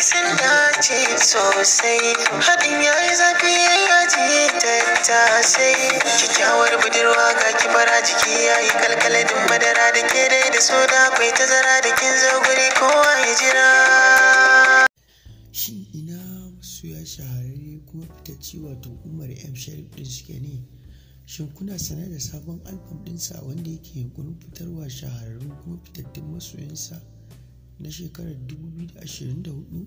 sun dace sosai haɗin ya yi zafi ya yi ajiye tattasai kyakkyawar budurwa ga kibara jiki ya yi kalkaladin madara da ke dai da soda akwai tazara da kin zo guri kowa ya jira shin ina su ya shahararre kuma fitacci wato umar m sharif din suke ne shin kuna sanar da sabon albam dinsa wanda yake yunkurin fitarwa shahararrun kuma fitattun masoyansa na shekarar 2024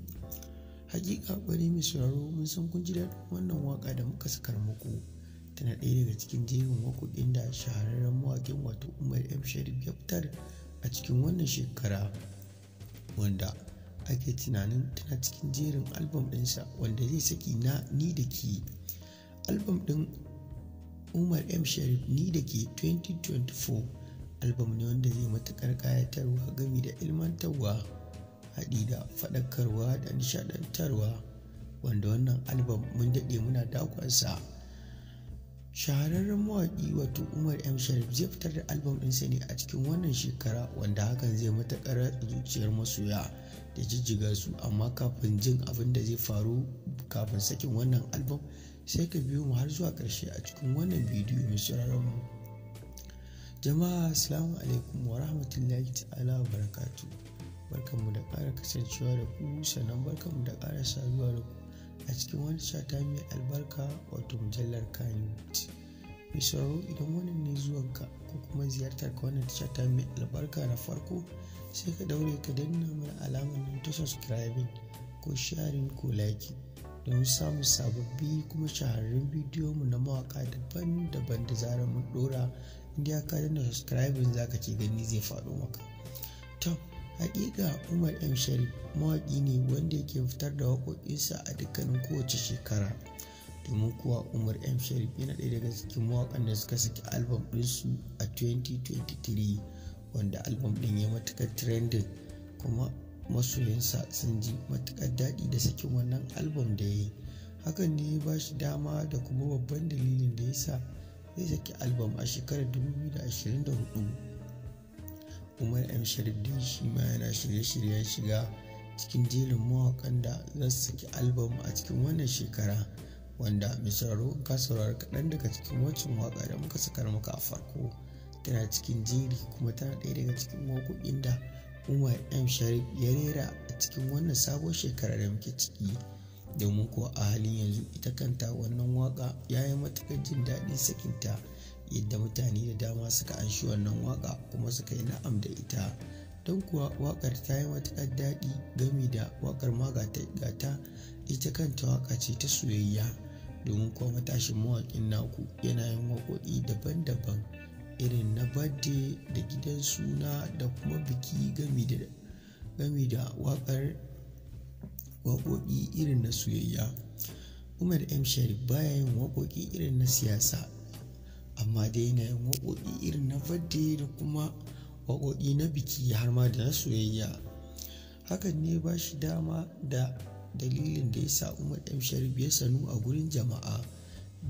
hakika bari mai sauraro mun san kun ji daɗin wannan waka da muka sakar muku tana ɗaya daga cikin jerin waƙoƙin da shahararren mawaƙin wato umar m sharif ya fitar a cikin wannan shekara wanda ake tunanin tana cikin jerin albam ɗinsa wanda zai saki na ni da ke albam ɗin umar m sharif ni da ke 2024 albam ne wanda zai matuƙar ƙayatarwa gami da ilmantarwa haɗi da faɗakarwa da nishaɗantarwa wanda wannan albam mun daɗe muna dakonsa shahararren mawaƙi wato umar m sharif zai fitar da albam ɗinsa ne a cikin wannan shekara wanda hakan zai matuƙar zuciyar masoya da jijjiga su amma kafin jin abin da zai faru kafin sakin wannan albam sai ka biyo mu har zuwa ƙarshe a cikin wannan bidiyo mai sauraron mu Jama'a Assalamu alaikum wa rahmatullahi ta'ala wa barakatu. Barkanmu da ƙara kasancewa da ku sannan barkanmu da ƙara saduwa da ku a cikin wani shata mai albarka wato mujallar Kanyut. Mai sauraro idan wani ne zuwanka ko kuma ziyartar ka wannan shata mai albarka na farko sai ka daure ka danna mana alamar nan ta subscribing ko sharing ko like don samun sababbi kuma shahararrun bidiyo mu na mawaka daban-daban da zarar mun dora inda ka danna subscribing za ka ke gani zai faɗo maka to hakika umar m sharif mawaƙi ne wanda yake fitar da waƙoƙinsa a dukkanin kowace shekara domin kuwa umar m sharif yana ɗaya daga cikin mawaƙan da suka saki albam ɗinsu a 2023 wanda albam ɗin ya matuƙar trending kuma masoyinsa sun ji matuƙar daɗi da sakin wannan albam da ya yi hakan ne ya ba shi dama da kuma babban dalilin da ya sa zai saki albam a shekarar 2024 umar m shariddin shi ma yana shirye-shiryen shiga cikin jerin mawakan da za su saki albam a cikin wannan shekara wanda mai sauraro ka saurari kaɗan daga cikin wancan waka da muka sakar maka a farko tana cikin jeri kuma tana ɗaya daga cikin waƙoƙin da umar m sharif ya rera a cikin wannan sabon shekara da muke ciki domin kuwa a halin yanzu ita kanta wannan waka ya yi matuƙar jin daɗin sakinta yadda mutane da dama suka anshi wannan waka kuma suka yi na'am da ita don kuwa wakar ta yi matuƙar daɗi gami da wakar ma gata ita kanta waka ce ta soyayya domin kuwa matashin mawaƙin naku yana yin waƙoƙi daban-daban irin na birthday da gidan suna da kuma biki gami da wakar. waƙoƙi irin na soyayya umar m sharif baya yin waƙoƙi irin na siyasa amma dai yana yin waƙoƙi irin na birthday da kuma waƙoƙi na biki har ma da na soyayya hakan ne ba shi dama da dalilin da ya sa umar m sharif ya sanu a gurin jama'a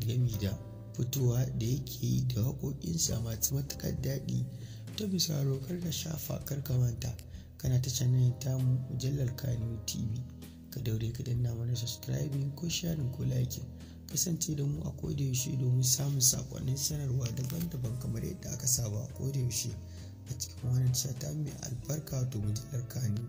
game da fitowa da yake yi da waƙoƙinsa masu matuƙar daɗi ta bisa rokar da shafa kar ka manta kana ta canayin tamu mujallar kano tv ka daure ka danna mana subscribing ko sharing ko liking kasance da mu a kodayaushe domin samun sakonnin sanarwa daban-daban kamar yadda aka saba a kodayaushe a cikin wannan shata mai albarka to domin ji kani.